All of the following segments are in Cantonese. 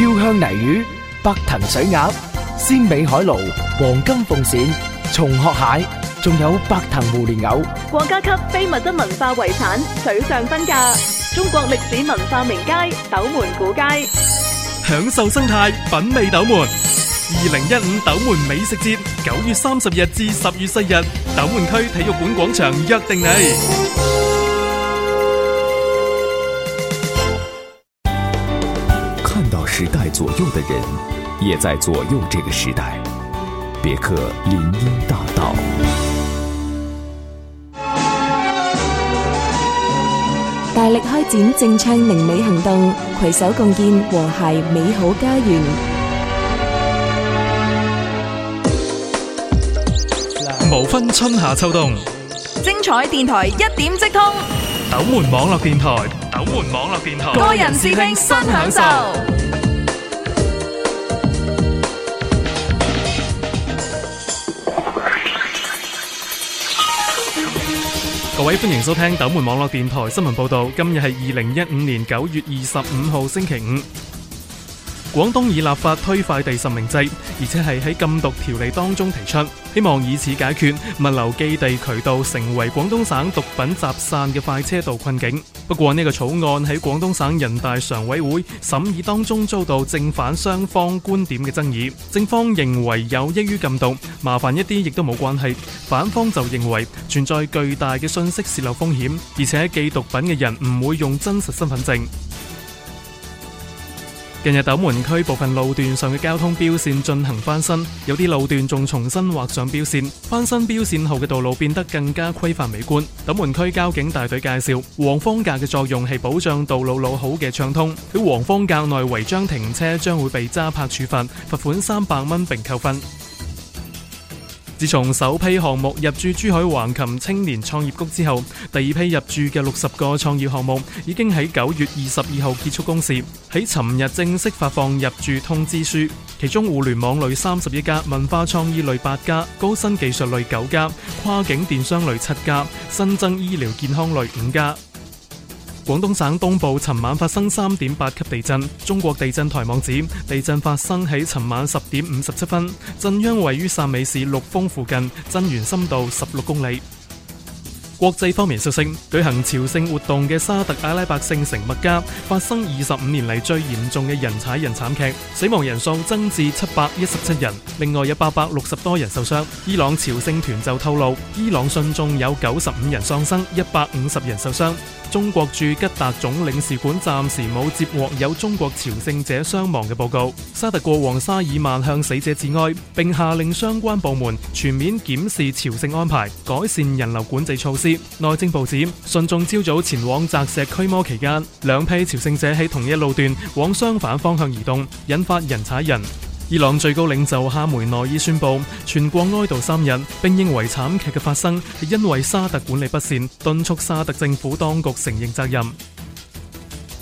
椒香泥魚、白藤水鴨、鮮美海鱸、黃金鳳鱔、鬆殼蟹，仲有白藤湖蓮藕。國家級非物質文化遺產水上婚嫁，中國歷史文化名街斗門古街，享受生態，品味斗門。二零一五斗門美食節，九月三十日至十月四日，斗門區體育館廣場約定你。時代左右的人，也在左右這個時代。別克林蔭大道，大力開展正槍零美行動，攜手共建和諧美好家園。無分春夏秋冬，精彩電台一點即通。斗門網絡電台，斗門網絡電台，個人視聽新享受。各位歡迎收聽斗門網絡電台新聞報道，今日係二零一五年九月二十五號，星期五。廣東以立法推快遞實名制，而且係喺禁毒條例當中提出，希望以此解決物流寄遞渠道成為廣東省毒品集散嘅快車道困境。不過呢個草案喺廣東省人大常委會審議當中遭到正反雙方觀點嘅爭議。正方認為有益於禁毒，麻煩一啲亦都冇關係；反方就認為存在巨大嘅信息泄漏風險，而且寄毒品嘅人唔會用真實身份證。近日斗門區部分路段上嘅交通標線進行翻新，有啲路段仲重新畫上標線。翻新標線後嘅道路變得更加規範美觀。斗門區交警大隊介紹，黃方格嘅作用係保障道路路口嘅暢通。喺黃方格內違章停車將會被抓拍處罰，罰款三百蚊並扣分。自從首批項目入駐珠海橫琴青年創業谷之後，第二批入駐嘅六十個創業項目已經喺九月二十二號結束公示，喺尋日正式發放入駐通知書。其中，互聯網類三十一家，文化創意類八家，高新技術類九家，跨境電商類七家，新增醫療健康類五家。廣東省東部尋晚發生三點八級地震，中國地震台網指地震發生喺尋晚十點五十七分，震央位於汕尾市陸豐附近，震源深度十六公里。國際方面，消息舉行朝聖活動嘅沙特阿拉伯聖城麥加發生二十五年嚟最嚴重嘅人踩人慘劇，死亡人數增至七百一十七人，另外有八百六十多人受傷。伊朗朝聖團就透露，伊朗信眾有九十五人喪生，一百五十人受傷。中國駐吉達總領事館暫時冇接獲有中國朝聖者傷亡嘅報告。沙特國王沙爾曼向死者致哀，並下令相關部門全面檢視朝聖安排，改善人流管制措施。內政部指，信眾朝早前往擲石驅魔期間，兩批朝聖者喺同一路段往相反方向移動，引發人踩人。伊朗最高領袖哈梅內伊宣布，全國哀悼三日，並認為慘劇嘅發生係因為沙特管理不善，敦促沙特政府當局承認責任。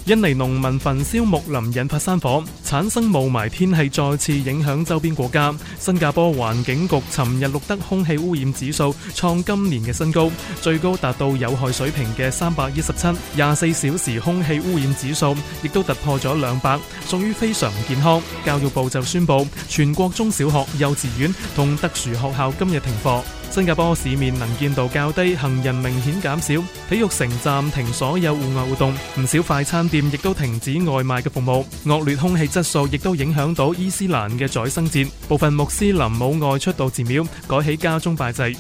印尼農民焚燒木林引發山火，產生霧霾天氣，再次影響周邊國家。新加坡環境局尋日錄得空氣污染指數創今年嘅新高，最高達到有害水平嘅三百一十七，廿四小時空氣污染指數亦都突破咗兩百，屬於非常不健康。教育部就宣布全國中小學、幼稚園同特殊學校今日停課。新加坡市面能見度較低，行人明顯減少。體育城暫停所有戶外活動，唔少快餐店亦都停止外賣嘅服務。惡劣空氣質素亦都影響到伊斯蘭嘅宰牲節，部分穆斯林冇外出到寺廟，改喺家中拜祭。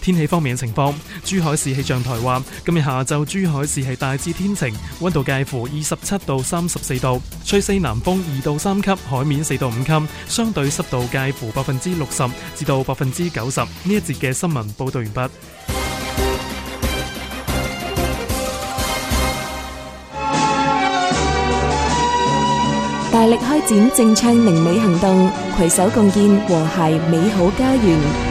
天氣方面嘅情況，珠海市氣象台話：今日下晝珠海市係大致天晴，溫度介乎二十七到三十四度，吹西南風二到三級，海面四到五級，相對濕度介乎百分之六十至到百分之九十。呢一節嘅新聞報道完畢。大力開展淨暢寧美行動，攜手共建和諧美好家園。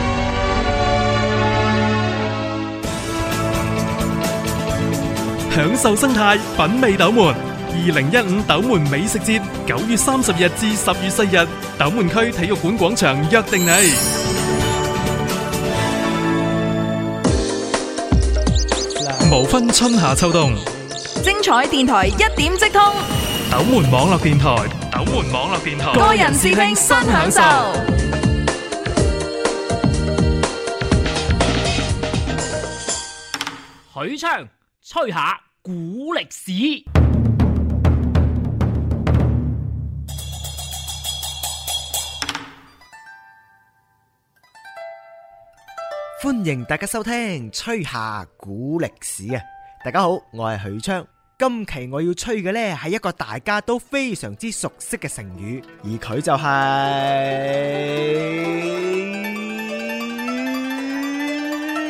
享受生態，品味斗門。二零一五斗門美食節，九月三十日至十月四日，斗門區體育館廣場約定你。無分春夏秋冬，精彩電台一點即通。斗門網絡電台，斗門網絡電台，個人視聽新享受。許昌，吹下古歷史，歡迎大家收聽《吹下古歷史》啊！大家好，我係許昌，今期我要吹嘅呢係一個大家都非常之熟悉嘅成語，而佢就係、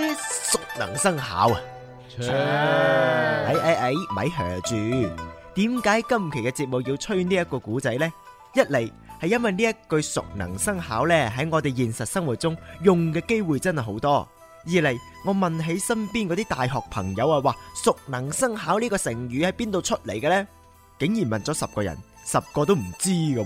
是、熟能生巧啊！哎哎、啊、哎，咪噓住！點、哎、解今期嘅節目要吹呢一個古仔呢？一嚟係因為呢一句熟能生巧呢，喺我哋現實生活中用嘅機會真係好多。二嚟我問起身邊嗰啲大學朋友啊，話熟能生巧呢個成語喺邊度出嚟嘅呢？竟然問咗十個人，十個都唔知㗎。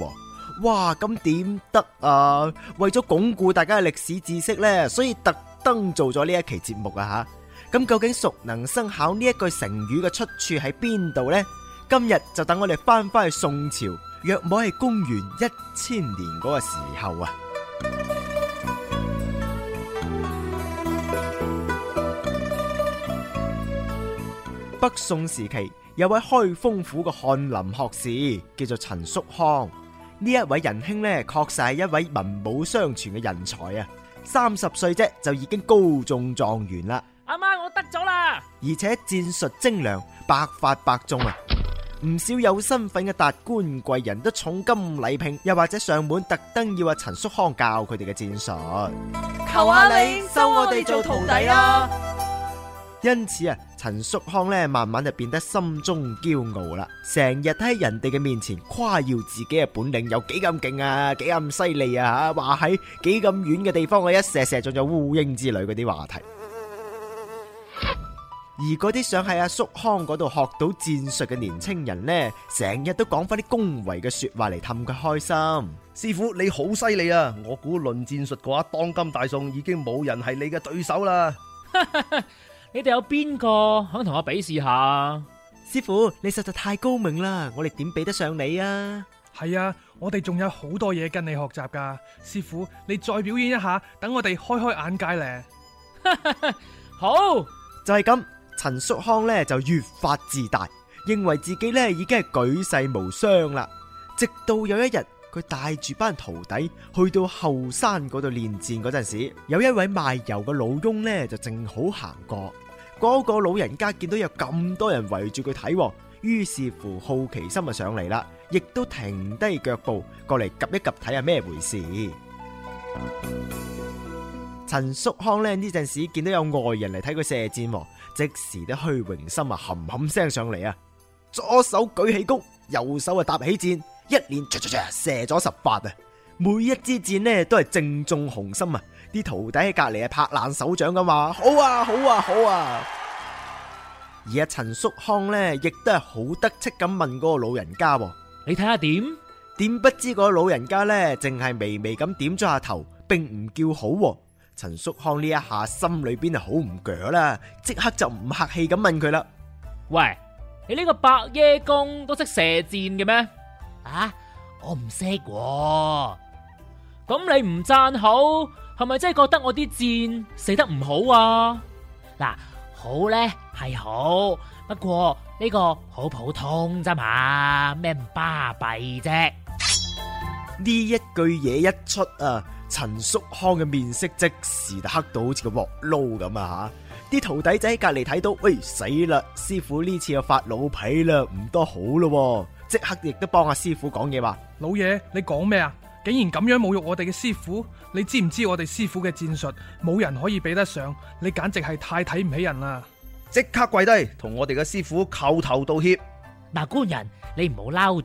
哇！咁點得啊？為咗鞏固大家嘅歷史知識呢，所以特登做咗呢一期節目啊！吓。咁究竟熟能生巧呢一句成語嘅出處喺邊度呢？今日就等我哋翻翻去宋朝，約莫係公元一千年嗰個時候啊！嗯、北宋時期有位開封府嘅翰林學士叫做陳叔康，呢一位仁兄呢，確實係一位文武雙全嘅人才啊！三十歲啫就已經高中狀元啦！我得咗啦！而且戰術精良，百發百中啊！唔少有身份嘅達官貴人都重金禮聘，又或者上門特登要阿陳叔康教佢哋嘅戰術，求下你收我哋做徒弟啦！因此啊，陳叔康咧慢慢就變得心中驕傲啦，成日都喺人哋嘅面前誇耀自己嘅本領有幾咁勁啊，幾咁犀利啊吓，話喺幾咁遠嘅地方我一射射中咗烏蠅之類嗰啲話題。而嗰啲想喺阿叔康嗰度學到戰術嘅年青人呢，成日都講翻啲恭維嘅說話嚟氹佢開心。師傅你好犀利啊！我估論戰術嘅話，當今大宋已經冇人係你嘅對手啦。 你哋有邊個肯同我比試下啊？師傅你實在太高明啦！我哋點比得上你啊？係啊，我哋仲有好多嘢跟你學習噶。師傅你再表演一下，等我哋開開眼界咧。 好。就係咁，陳叔康咧就越發自大，認為自己咧已經係舉世無雙啦。直到有一日，佢帶住班徒弟去到後山嗰度練戰嗰陣時，有一位賣油嘅老翁咧就正好行過。嗰個老人家見到有咁多人圍住佢睇，於是乎好奇心就上嚟啦，亦都停低腳步過嚟及一及睇係咩回事。陳叔康呢，呢陣時見到有外人嚟睇佢射箭，哦，即時啲虛榮心啊，冚冚聲上嚟啊！左手舉起弓，右手啊搭起箭，一連唰唰唰射咗十發啊！每一支箭呢，都係正中紅心啊！啲徒弟喺隔籬啊拍爛手掌咁話：好啊，好啊，好啊！ 而阿陳叔康呢，亦都係好得戚咁問嗰個老人家，啊：你睇下點？點不知個老人家呢，淨係微微咁點咗下頭，並唔叫好，啊。陳叔康呢一下心裏邊啊好唔腳啦，即刻就唔客氣咁問佢啦，喂，你呢個白椰公都識射箭嘅咩？啊，我唔識、啊。咁你唔讚好，係咪真係覺得我啲箭射得唔好啊？嗱、啊，好咧係好，不過呢個好普通咋嘛，咩唔巴閉啫。呢一句嘢一出啊，陳叔康嘅面色即時就黑到好似個鑊撈咁啊！吓，啲徒弟仔喺隔籬睇到，喂，死啦！師傅呢次又發老脾啦，唔多好咯！即刻亦都幫阿師傅講嘢話，老嘢，你講咩啊？竟然咁樣侮辱我哋嘅師傅，你知唔知我哋師傅嘅戰術，冇人可以比得上，你簡直係太睇唔起人啦！即刻跪低，同我哋嘅師傅叩頭道歉。嗱，官人，你唔好撈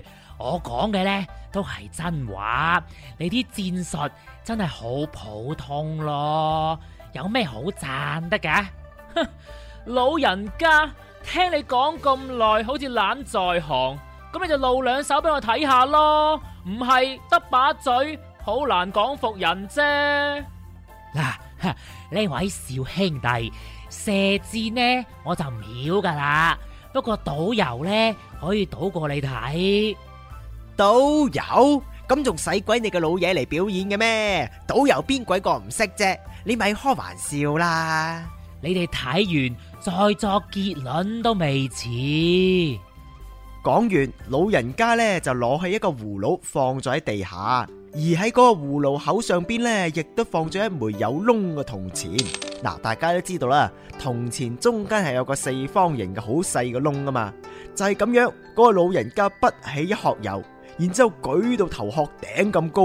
住。我講嘅呢都係真話，你啲戰術真係好普通咯，有咩好讚得噶？ 老人家聽你講咁耐，好似懶在行，咁你就露兩手俾我睇下咯，唔係得把嘴好難講服人啫。嗱，呢位小兄弟，射箭呢我就唔曉噶啦，不過導遊呢，可以賭過你睇。導遊咁仲使鬼你個老嘢嚟表演嘅咩？導遊邊鬼個唔識啫？你咪開玩笑啦！你哋睇完再作結論都未遲。講完，老人家呢就攞起一個葫蘆，放咗喺地下，而喺嗰個葫蘆口上邊呢，亦都放咗一枚有窿嘅銅錢。嗱，大家都知道啦，銅錢中間係有個四方形嘅好細嘅窿噶嘛，就係、是、咁樣，嗰、那個老人家不起一殼油。然之後舉到頭殼頂咁高，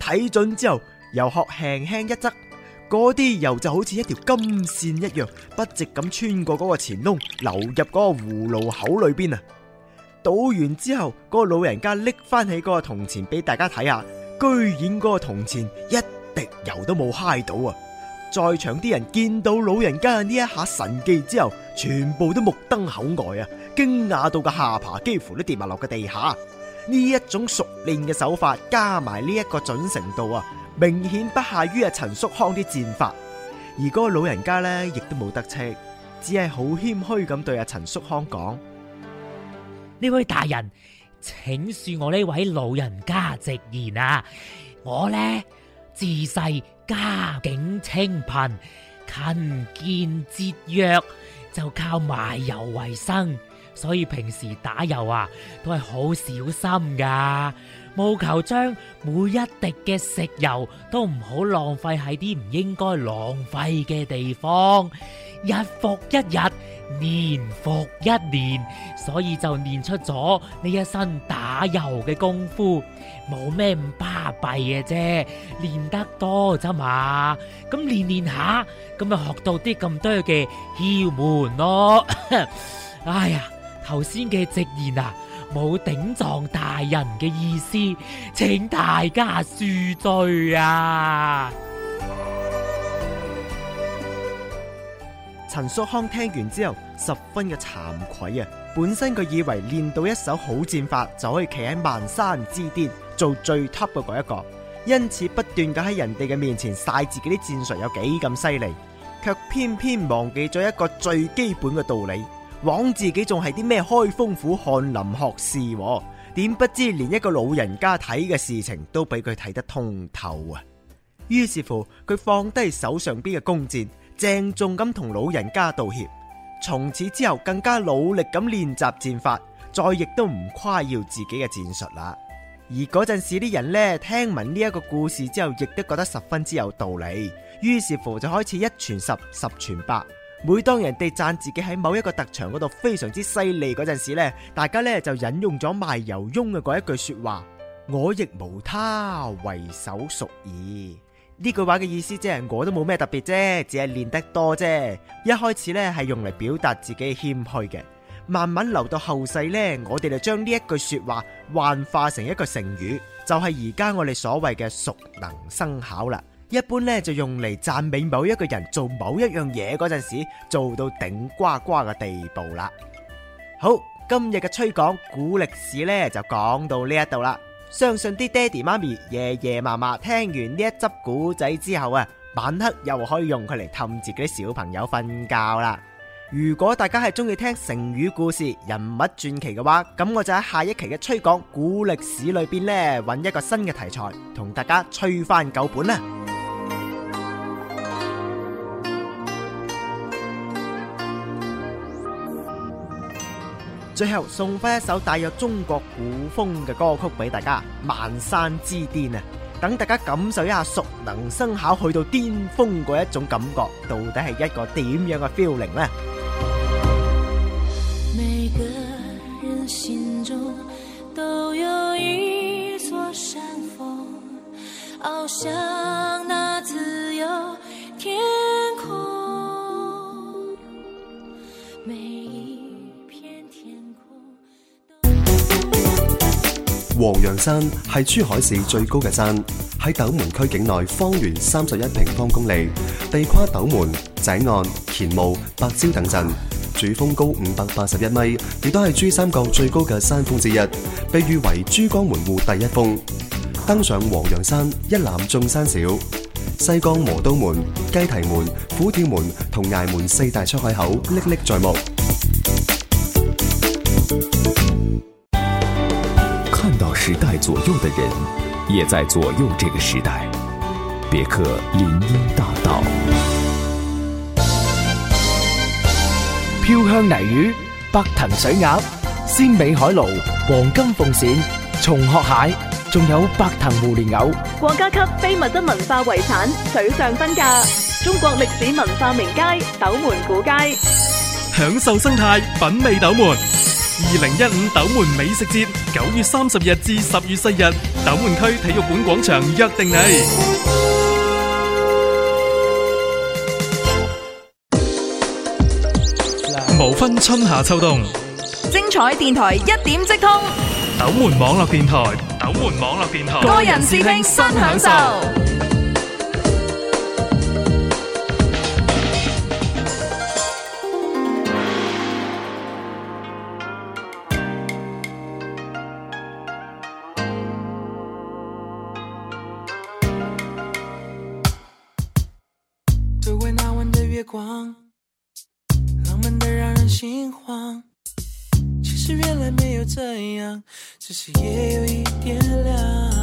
睇準之後，油殼輕輕一側，嗰啲油就好似一條金線一樣，不直咁穿過嗰個錢窿，流入嗰個葫蘆口裏邊啊！倒完之後，嗰、嗰個老人家拎翻起嗰個銅錢俾大家睇下，居然嗰個銅錢一滴油都冇揩到啊！在場啲人見到老人家呢一下神技之後，全部都目瞪口呆啊，驚訝到個下巴幾乎都跌埋落個地下。呢一種熟練嘅手法，加埋呢一個準成度啊，明顯不下於阿陳叔康啲戰法。而嗰個老人家呢，亦都冇得戚，只係好謙虛咁對阿陳叔康講：呢位大人，請恕我呢位老人家直言啊！我呢，自細家境清貧，勤儉節約，就靠賣油為生。所以平時打油啊，都係好小心噶，務求將每一滴嘅食油都唔好浪費喺啲唔應該浪費嘅地方。日復一日，年復一年，所以就練出咗呢一身打油嘅功夫，冇咩唔巴閉嘅啫，練得多咋嘛？咁練練下，咁咪學到啲咁多嘅竅門咯 哎呀！頭先嘅直言啊，冇頂撞大人嘅意思，請大家恕罪啊！陳叔康聽完之後，十分嘅慚愧啊！本身佢以為練到一手好戰法就可以企喺萬山之巔做最 top 嘅嗰、那、一個，因此不斷咁喺人哋嘅面前晒自己啲戰術有幾咁犀利，卻偏偏忘記咗一個最基本嘅道理。枉自己仲係啲咩開封府翰林學士啊，點不知連一個老人家睇嘅事情都比佢睇得通透啊！於是乎，佢放低手上邊嘅弓箭，鄭重咁同老人家道歉。從此之後，更加努力咁練習戰法，再亦都唔誇耀自己嘅戰術啦。而嗰陣時啲人呢，聽聞呢一個故事之後，亦都覺得十分之有道理。於是乎，就開始一傳十，十傳百。每當人哋讚自己喺某一個特長嗰度非常之犀利嗰陣時呢，大家呢就引用咗賣油翁嘅嗰一句說話：「我亦無他，唯手熟爾」。呢句話嘅意思即係我都冇咩特別啫，只係練得多啫。一開始呢係用嚟表達自己謙虛嘅，慢慢留到後世呢，我哋就將呢一句說話幻化成一個成語，就係而家我哋所謂嘅熟能生巧啦。一般咧就用嚟讚美某一個人做某一樣嘢嗰陣時做到頂呱呱嘅地步啦。好，今日嘅吹講古歷史咧就講到呢一度啦。相信啲爹哋媽咪、爺爺嫲嫲聽完呢一執古仔之後啊，晚黑又可以用佢嚟氹自己小朋友瞓覺啦。如果大家係中意聽成語故事、人物傳奇嘅話，咁我就喺下一期嘅吹講古歷史裏邊咧揾一個新嘅題材，同大家吹翻舊本啦。最後送翻一首帶有中國古風嘅歌曲俾大家，《萬山之巔》啊，等大家感受一下熟能生巧去到巔峰嗰一種感覺，到底係一個點樣嘅 feeling 呢？黃楊山係珠海市最高嘅山，喺斗門區境內，方圓三十一平方公里，地跨斗門、井岸、乾務、白蕉等鎮，主峰高五百八十一米，亦都係珠三角最高嘅山峰之一，被譽為珠江門戶第一峰。登上黃楊山，一覽眾山小，西江磨刀門、雞啼門、虎跳門同崖門四大出海口歷歷在目。時代左右的人，也在左右這個時代。別克林蔭大道，飄香泥魚、白藤水鴨、鮮美海鱸、黃金鳳鱔、鬆殼蟹，仲有白藤湖蓮藕。國家級非物質文化遺產水上婚嫁，中國歷史文化名街斗門古街，享受生態，品味斗門。二零一五斗門美食節，九月三十日至十月四日，斗門區體育館廣場約定你。無分春夏秋冬，精彩電台一點即通。斗門網絡電台，斗門網絡電台，個人視聽新享受。其實原來沒有怎樣，只是也有一點涼。